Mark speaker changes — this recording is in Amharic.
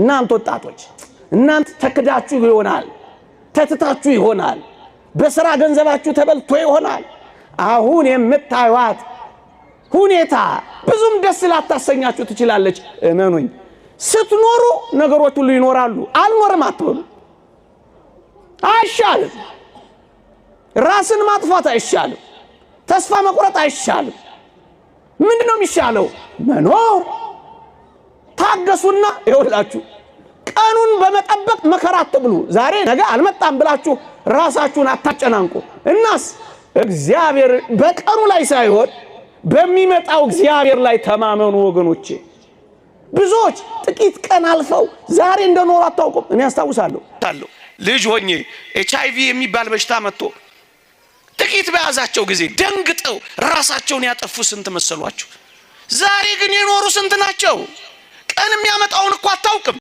Speaker 1: እናንተ ወጣቶች እናንተ ተክዳችሁ ይሆናል፣ ተትታችሁ ይሆናል፣ በስራ ገንዘባችሁ ተበልቶ ይሆናል። አሁን የምታዩት ሁኔታ ብዙም ደስ ላታሰኛችሁ ትችላለች። እመኑኝ፣ ስትኖሩ ነገሮች ሁሉ ይኖራሉ። አልኖርም አትበሉ፣ አይሻልም። ራስን ማጥፋት አይሻልም። ተስፋ መቁረጥ አይሻልም። ምንድን ነው የሚሻለው? መኖር ታገሱና ይውላችሁ ቀኑን በመጠበቅ መከራ አትብሉ። ዛሬ ነገ አልመጣም ብላችሁ ራሳችሁን አታጨናንቁ። እናስ እግዚአብሔር በቀኑ ላይ ሳይሆን በሚመጣው እግዚአብሔር ላይ ተማመኑ ወገኖቼ። ብዙዎች ጥቂት ቀን አልፈው ዛሬ እንደኖሩ አታውቁም። እኔ አስታውሳለሁ
Speaker 2: ታለሁ ልጅ ሆኜ ኤች አይ ቪ የሚባል በሽታ መጥቶ ጥቂት በያዛቸው ጊዜ ደንግጠው ራሳቸውን ያጠፉ ስንት መሰሏችሁ? ዛሬ ግን የኖሩ ስንት ናቸው? ቀን የሚያመጣውን እኮ አታውቅም።